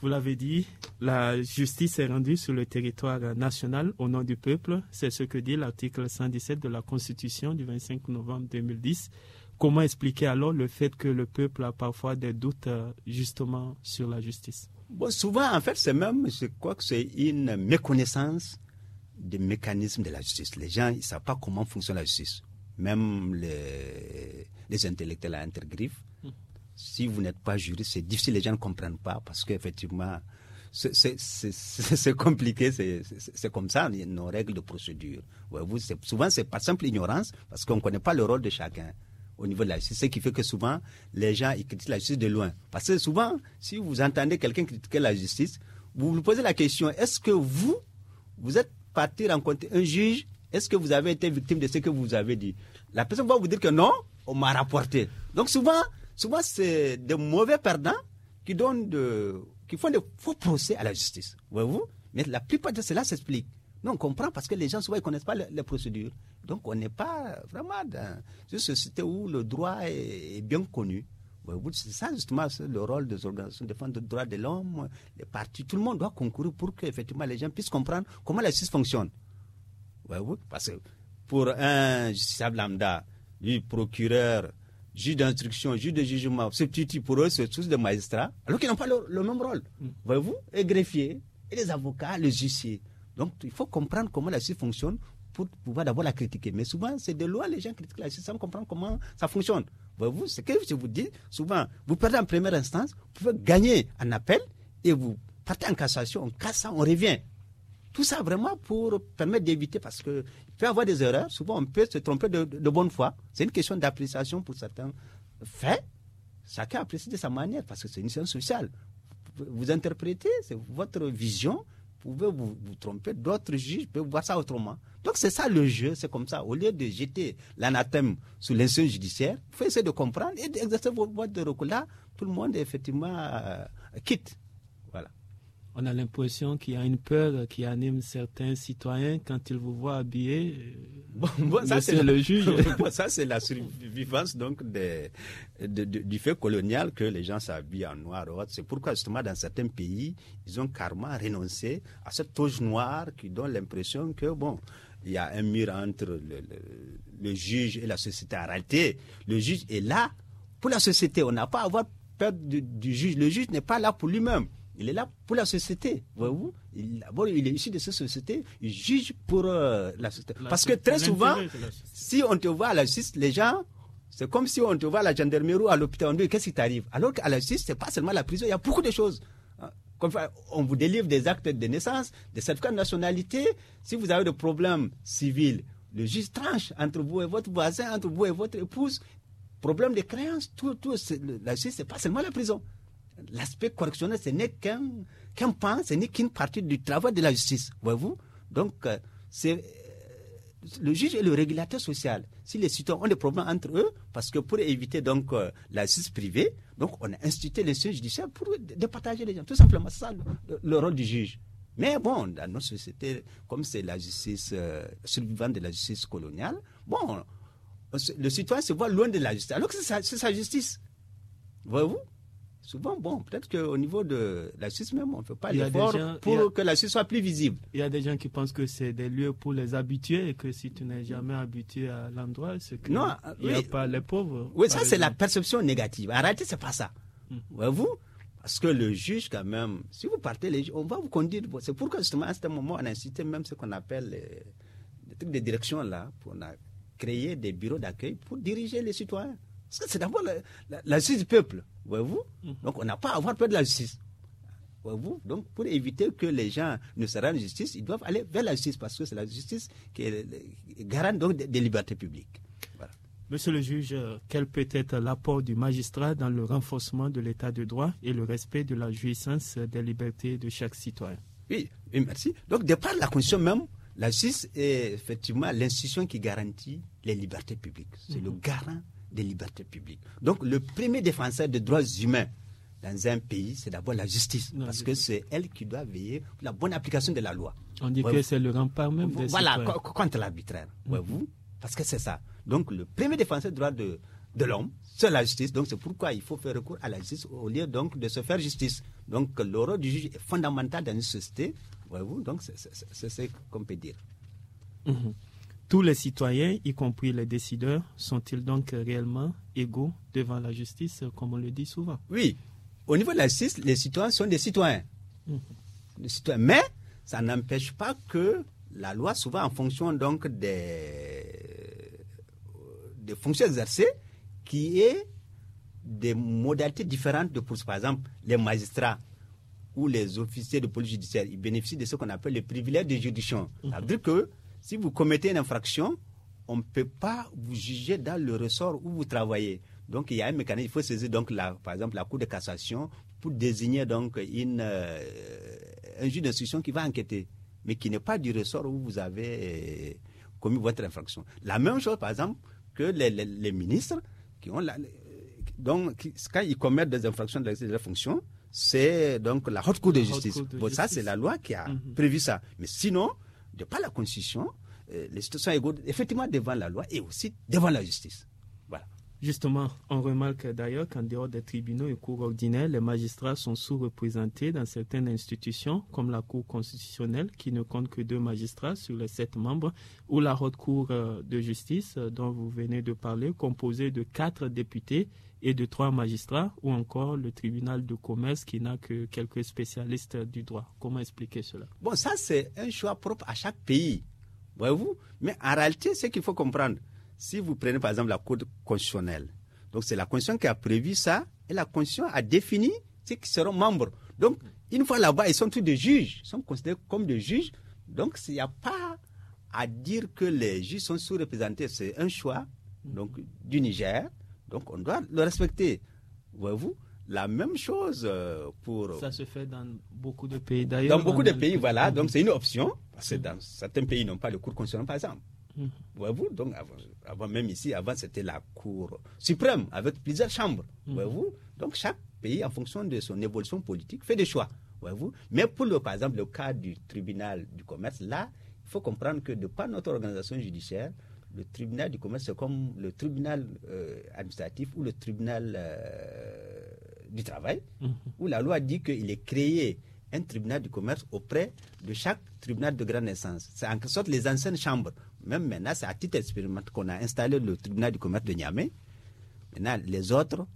Vous l'avez dit, la justice est rendue sur le territoire national au nom du peuple. C'est ce que dit l'article 117 de la Constitution du 25 novembre 2010. Comment expliquer alors le fait que le peuple a parfois des doutes euh, justement sur la justice Bon, souvent, en fait, c'est même, je crois que c'est une méconnaissance des mécanismes de la justice. Les gens ne savent pas comment fonctionne la justice. Même les, les intellectuels à intergriffe, si vous n'êtes pas juriste, c'est difficile, les gens ne comprennent pas parce qu'effectivement, c'est compliqué, c'est comme ça, nos règles de procédure. vous souvent, c'est pas simple ignorance parce qu'on ne connaît pas le rôle de chacun au niveau de la justice. Ce qui fait que souvent, les gens ils critiquent la justice de loin. Parce que souvent, si vous entendez quelqu'un critiquer la justice, vous vous posez la question est-ce que vous, vous êtes partir rencontrer un juge, est-ce que vous avez été victime de ce que vous avez dit La personne va vous dire que non, on m'a rapporté. Donc souvent, souvent c'est des mauvais perdants qui donnent de, qui font des faux procès à la justice. Voyez-vous Mais la plupart de cela s'explique. Nous, on comprend parce que les gens, souvent, ils ne connaissent pas les, procédures. Donc, on n'est pas vraiment dans une société où le droit est bien connu. Bah, c'est ça justement le rôle des organisations de défense des droits de l'homme, les partis, tout le monde doit concourir pour que effectivement les gens puissent comprendre comment la justice fonctionne. Voyez-vous bah, Parce que pour un justiciable lambda, lui, procureur, juge d'instruction, juge de jugement, petit, pour eux, c'est tous des magistrats, alors qu'ils n'ont pas le, même rôle. Voyez-vous mm. bah, Et greffiers, et les avocats, les juges Donc il faut comprendre comment la justice fonctionne pour pouvoir d'abord la critiquer. Mais souvent, c'est de loin les gens critiquent la justice sans comprendre comment ça fonctionne c'est bah, vous, ce que je vous dis souvent, vous perdez en première instance, vous pouvez gagner en appel et vous partez en cassation, on casse ça, on revient. Tout ça vraiment pour permettre d'éviter, parce qu'il peut y avoir des erreurs, souvent on peut se tromper de, de bonne foi. C'est une question d'appréciation pour certains faits. Chacun apprécie de sa manière, parce que c'est une science sociale. Vous interprétez, c'est votre vision, pouvez vous, vous tromper, d'autres juges peuvent voir ça autrement. Donc c'est ça le jeu, c'est comme ça. Au lieu de jeter l'anathème sur l'institution judiciaire, vous essayer de comprendre et d'exercer votre droit de recul. Là, tout le monde est effectivement euh, quitte on a l'impression qu'il y a une peur qui anime certains citoyens quand ils vous voient habillés. Bon, ça c'est le juge. ça c'est la survivance donc du fait colonial que les gens s'habillent en noir C'est pourquoi justement dans certains pays, ils ont carrément renoncé à cette toge noire qui donne l'impression que bon, il y a un mur entre le, juge et la société. En réalité, le juge est là pour la société. On n'a pas à avoir peur du juge. Le juge n'est pas là pour lui-même. Il est là pour la société, vous il est issu de cette société, il juge pour euh, la société. Parce que très souvent, si on te voit à la justice, les gens c'est comme si on te voit à la gendarmerie ou à l'hôpital, on dit qu'est-ce qui t'arrive Alors qu'à la justice, c'est pas seulement la prison, il y a beaucoup de choses. Hein, on vous délivre des actes de naissance, des certificats de nationalité. Si vous avez des problèmes civils, le juge tranche entre vous et votre voisin, entre vous et votre épouse. Problème de créance, tout la justice, c'est pas seulement la prison l'aspect correctionnel, ce n'est qu'un qu pan, ce n'est qu'une partie du travail de la justice, voyez-vous. Donc, euh, c'est euh, le juge et le régulateur social. Si les citoyens ont des problèmes entre eux, parce que pour éviter donc euh, la justice privée, donc on a institué les sujets judiciaires pour départager les gens. Tout simplement, ça le, rôle du juge. Mais bon, dans nos sociétés, comme c'est la justice survivante de la justice coloniale, bon, le citoyen se voit loin de la justice, alors que c'est sa, justice. Voyez-vous Souvent, bon, peut-être qu'au niveau de la Suisse même, on ne fait pas l'effort pour que la Suisse soit plus visible. Il y a des gens qui pensent que c'est des lieux pour les habitués et que si tu n'es jamais habitué à l'endroit, c'est que non, il n'y a pas les pauvres. Oui, ça c'est la perception négative. Arrêtez, réalité, c'est pas ça. Hmm. Vous, parce que le juge, quand même, si vous partez, on va vous conduire. C'est pourquoi, justement, à ce moment, on a incité même ce qu'on appelle les, les, trucs de direction, là. Pour, on a créé des bureaux d'accueil pour diriger les citoyens. Parce que c'est d'abord la, la, Suisse du peuple. Voyez-vous mm. Donc, on n'a pas à avoir peur de la justice. Voyez-vous Donc, pour éviter que les gens ne se rendent justice, ils doivent aller vers la justice parce que c'est la justice qui garante donc des libertés publiques. Monsieur le juge, quel peut être l'apport du magistrat dans le renforcement de l'état de droit et le respect de la jouissance des libertés de chaque citoyen Oui, merci. Donc, de par la Constitution même, la justice est effectivement l'institution qui garantit les libertés publiques. C'est le mhm. garant des libertés publiques. Donc le premier défenseur des droits humains dans un pays, c'est d'abord la justice, parce que c'est elle qui doit veiller à la bonne application de la loi. On dit que c'est le rempart même Voilà, contre l'arbitraire, mm vous, parce que c'est ça. Donc le premier défenseur des droits de, de l'homme, c'est la justice. Donc c'est pourquoi il faut faire recours à la justice au lieu donc de se faire justice. Donc le du juge est fondamental dans une société, voyez-vous, donc c'est ce qu'on peut dire. Mm-hmm. Tous les citoyens, y compris les décideurs, sont-ils donc réellement égaux devant la justice, comme on le dit souvent Oui. Au niveau de la justice, les citoyens sont des citoyens. Hum. Mais ça n'empêche pas que la loi, souvent en fonction donc des, fonctions exercées, qui est des modalités différentes de poursuite. Par exemple, les magistrats ou les officiers de police judiciaire, ils bénéficient de ce qu'on appelle le privilèges de juridiction. Ça veut dire que si vous commettez une infraction, on ne peut pas vous juger dans le ressort où vous travaillez. Donc il y a un mécanisme, il faut saisir donc la, par exemple la Cour de cassation pour désigner donc une, euh, un juge d'instruction qui va enquêter, mais qui n'est pas du ressort où vous avez euh, commis votre infraction. La même chose, par exemple, que les, ministres qui ont euh, donc quand ils commettent des infractions de la fonction, c'est donc la haute cour de justice. ça c'est la loi qui a mhm. prévu ça. Mais sinon, de par la Constitution, euh, les citoyens égaux, effectivement, devant la loi et aussi devant la justice. Voilà. Justement, on remarque d'ailleurs qu'en dehors des tribunaux et cours ordinaires, les magistrats sont sous-représentés dans certaines institutions, comme la Cour constitutionnelle, qui ne compte que deux magistrats sur les sept membres, ou la Haute Cour euh, de justice, euh, dont vous venez de parler, composée de quatre députés et de trois magistrats ou encore le tribunal de commerce qui n'a que quelques spécialistes du droit. Comment expliquer cela Bon, ça c'est un choix propre à chaque pays, voyez-vous. Mais en réalité, ce qu'il faut comprendre, si vous prenez par exemple la Cour constitutionnelle, donc c'est la Constitution qui a prévu ça et la Constitution a défini ceux qui seront membres. Donc, une fois là-bas, ils sont tous des juges, ils sont considérés comme des juges. Donc, il n'y a pas à dire que les juges sont sous-représentés. C'est un choix donc, du Niger donc on doit le respecter. Voyez-vous la même chose euh, pour... Ça se fait dans beaucoup de pays d'ailleurs. Dans beaucoup de pays, voilà. Donc c'est une option. Parce mm-hmm. dans certains pays, n'ont pas le cours constitutionnel, par exemple. Mm-hmm. Voyez-vous, donc avant, même ici, avant c'était la Cour suprême avec plusieurs chambres. Mm-hmm. Voyez-vous, donc chaque pays, en fonction de son évolution politique, fait des choix. Voyez-vous, mais pour par exemple le cas du tribunal du commerce, là, il faut comprendre que de par notre organisation judiciaire, le tribunal du commerce, c'est comme le tribunal euh, administratif ou le tribunal euh, du travail, mhm. où la loi dit qu'il est créé un tribunal du commerce auprès de chaque tribunal de grande instance. C'est en quelque sorte les anciennes chambres. Même maintenant, c'est à titre expérimental qu'on a installé le tribunal du commerce de Niamey. Maintenant, les autres,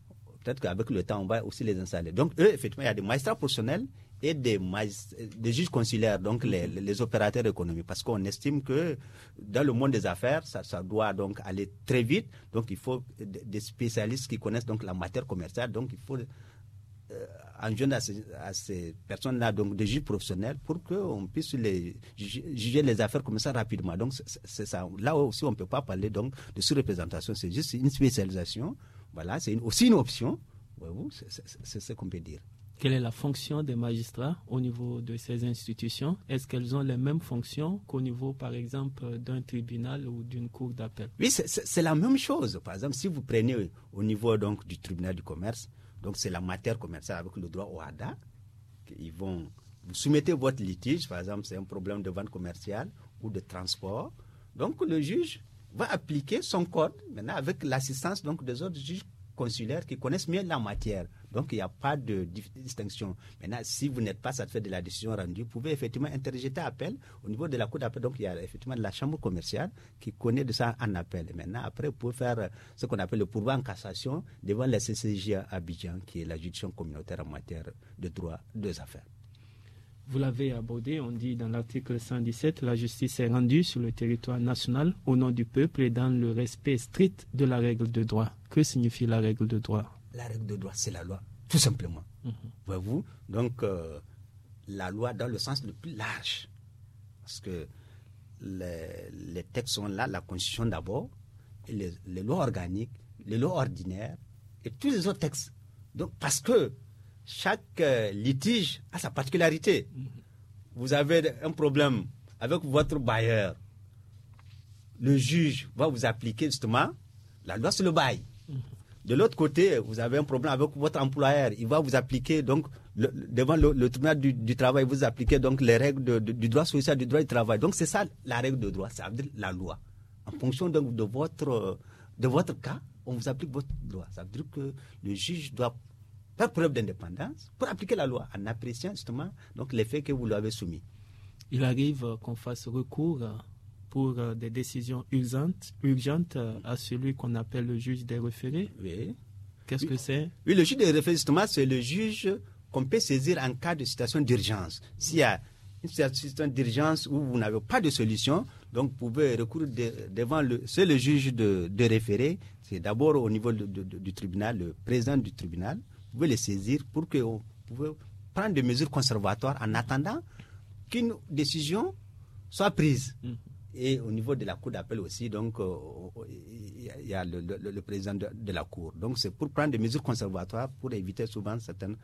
peut-être qu'avec le temps, on va aussi les installer. Donc, eux, effectivement, il y a des magistrats professionnels et des, juges consulaires, donc les, mhm. opérateurs économiques, parce qu'on estime que dans le monde des affaires, ça, doit donc aller très vite. Donc il faut des spécialistes qui connaissent donc la matière commerciale. Donc il faut euh, à ces, personnes-là, donc des juges professionnels, pour qu'on puisse les, juger les affaires comme ça rapidement. Donc c'est ça. Là aussi, on ne peut pas parler donc de sous-représentation. C'est juste une spécialisation. Voilà, c'est aussi une option. vous C'est ce qu'on peut dire quelle est la fonction des magistrats au niveau de ces institutions Est-ce qu'elles ont les mêmes fonctions qu'au niveau, par exemple, d'un tribunal ou d'une cour d'appel Oui, c'est la même chose. Par exemple, si vous prenez au niveau donc du tribunal du commerce, donc c'est la matière commerciale avec le droit au ils vont vous soumettez votre litige, par exemple, c'est un problème de vente commerciale ou de transport. Donc le juge va appliquer son code maintenant avec l'assistance donc des autres juges consulaires qui connaissent mieux la matière. Donc, il n'y a pas de distinction. Maintenant, si vous n'êtes pas satisfait de la décision rendue, vous pouvez effectivement interjeter appel au niveau de la Cour d'appel. Donc, il y a effectivement la Chambre commerciale qui connaît de ça en appel. Et maintenant, après, vous pouvez faire euh, ce qu'on appelle le pourvoi en cassation devant la CCJ à Abidjan, qui est la juridiction communautaire en matière de droit des affaires. Vous l'avez abordé, on dit dans l'article 117, la justice est rendue sur le territoire national au nom du peuple et dans le respect strict de la règle de droit. Que signifie la règle de droit La règle de droit, c'est la loi, tout simplement. Mhm. Voyez-vous Donc, euh, la loi dans le sens le plus large. Parce que les, textes sont là, la Constitution d'abord, les, les lois organiques, les lois ordinaires et tous les autres textes. Donc, parce que chaque euh, litige a sa particularité. Mm-hmm. Vous avez un problème avec votre bailleur. Le juge va vous appliquer justement la loi sur le bail. Mm-hmm. De l'autre côté, vous avez un problème avec votre employeur. Il va vous appliquer donc devant le, tribunal du, travail, vous appliquez donc les règles du droit social, du droit du travail. Donc c'est ça la règle de droit, ça veut dire la loi. En fonction de votre de votre cas, on vous applique votre droit. Ça veut dire que le juge doit faire preuve d'indépendance pour appliquer la loi en appréciant justement donc les faits que vous lui avez soumis. Il arrive euh, qu'on fasse recours euh, pour euh, des décisions urgentes, urgentes à celui qu'on appelle le juge des référés. Oui. Qu'est-ce que c'est Oui, le juge des référés, justement, c'est le juge qu'on peut saisir en cas de situation d'urgence. S'il y a une situation d'urgence où vous n'avez pas de solution, donc vous pouvez recourir devant le... C'est le juge de, référés, référé. C'est d'abord au niveau du tribunal, le président du tribunal pouvez les saisir pour que vous prendre des mesures conservatoires en attendant qu'une décision soit prise. Mm. Et au niveau de la Cour d'appel aussi, donc, euh, il y a le, président de, la Cour. Donc, c'est pour prendre des mesures conservatoires pour éviter souvent certaines,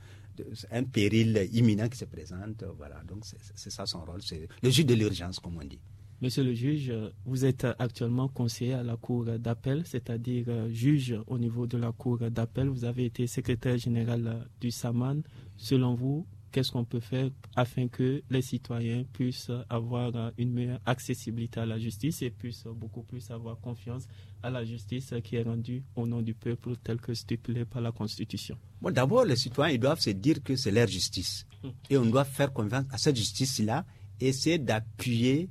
un péril imminent qui se présente. Euh, voilà, donc c'est ça son rôle. C'est le juge de l'urgence, comme on dit. Monsieur le juge, euh, vous êtes euh, actuellement conseiller à la Cour d'appel, c'est-à-dire euh, juge au niveau de la Cour d'appel. Vous avez été secrétaire général du SAMAN. Selon vous, qu'est-ce qu'on peut faire afin que les citoyens puissent avoir une meilleure accessibilité à la justice et puissent beaucoup plus avoir confiance à la justice qui est rendue au nom du peuple tel que stipulé par la Constitution bon, D'abord, les citoyens ils doivent se dire que c'est leur justice. Hum. Et on doit faire confiance à cette justice-là et essayer d'appuyer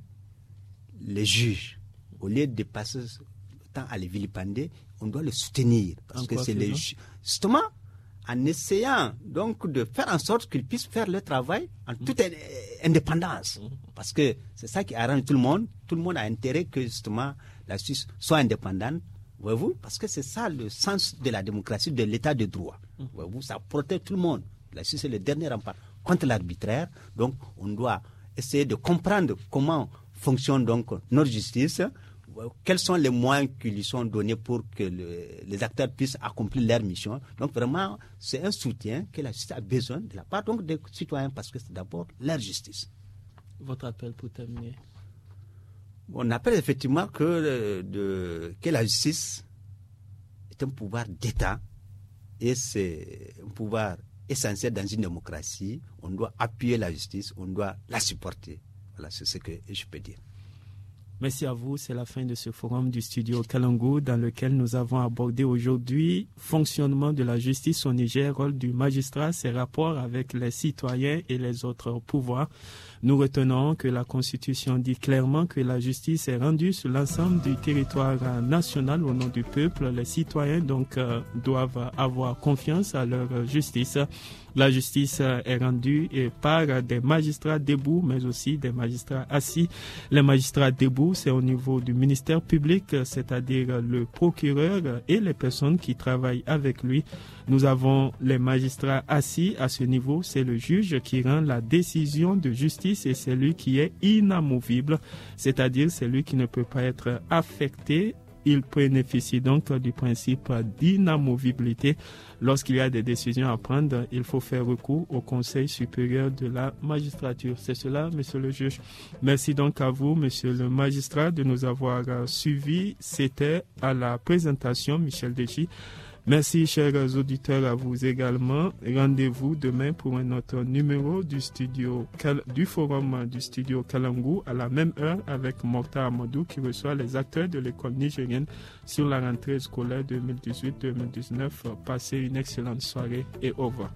les juges, au lieu de passer le temps à les vilipender, on doit les soutenir. Parce que c'est les juges. Justement, en essayant donc de faire en sorte qu'ils puissent faire leur travail en toute mm. indépendance. Mm. Parce que c'est ça qui arrange tout le monde. Tout le monde a intérêt que justement la Suisse soit indépendante, voyez-vous, parce que c'est ça le sens de la démocratie, de l'état de droit. Mm. Voyez-vous, ça protège tout le monde. La Suisse est le dernier rempart contre l'arbitraire. Donc on doit essayer de comprendre comment fonctionne donc notre justice euh, quels sont les moyens qui lui sont donnés pour que les acteurs puissent accomplir leur mission. Donc vraiment, c'est un soutien que la justice a besoin de la part donc des citoyens parce que c'est d'abord leur justice. Votre appel pour terminer On appelle effectivement que, euh, de, que la justice est un pouvoir d'État et c'est un pouvoir essentiel dans une démocratie. On doit appuyer la justice, on doit la supporter. Voilà, c'est ce que je peux dire. Merci à vous. C'est la fin de ce forum du studio Kalangou dans lequel nous avons abordé aujourd'hui fonctionnement de la justice au Niger, rôle du magistrat, ses rapports avec les citoyens et les autres pouvoirs. Nous retenons que la Constitution dit clairement que la justice est rendue sur l'ensemble du territoire euh, national au nom du peuple. Les citoyens donc euh, doivent avoir confiance à leur justice. La justice euh, est rendue par des magistrats debout, mais aussi des magistrats assis. Les magistrats debout, c'est au niveau du ministère public, c'est-à-dire le procureur et les personnes qui travaillent avec lui. Nous avons les magistrats assis à ce niveau. C'est le juge qui rend la décision de justice et c'est lui qui est inamovible, c'est-à-dire c'est lui qui ne peut pas être affecté il bénéficie donc du principe d'inamovibilité. Lorsqu'il y a des décisions à prendre, il faut faire recours au Conseil supérieur de la magistrature. C'est cela, monsieur le juge. Merci donc à vous, monsieur le magistrat, de nous avoir euh, suivis. C'était à la présentation Michel Deschis. Merci, chers auditeurs, à vous également. Rendez-vous demain pour un autre numéro du forum du studio Kalangu à la même heure avec Morta Amadou qui reçoit les acteurs de l'école nigérienne sur la rentrée scolaire 2018-2019. Passez une excellente soirée et au revoir.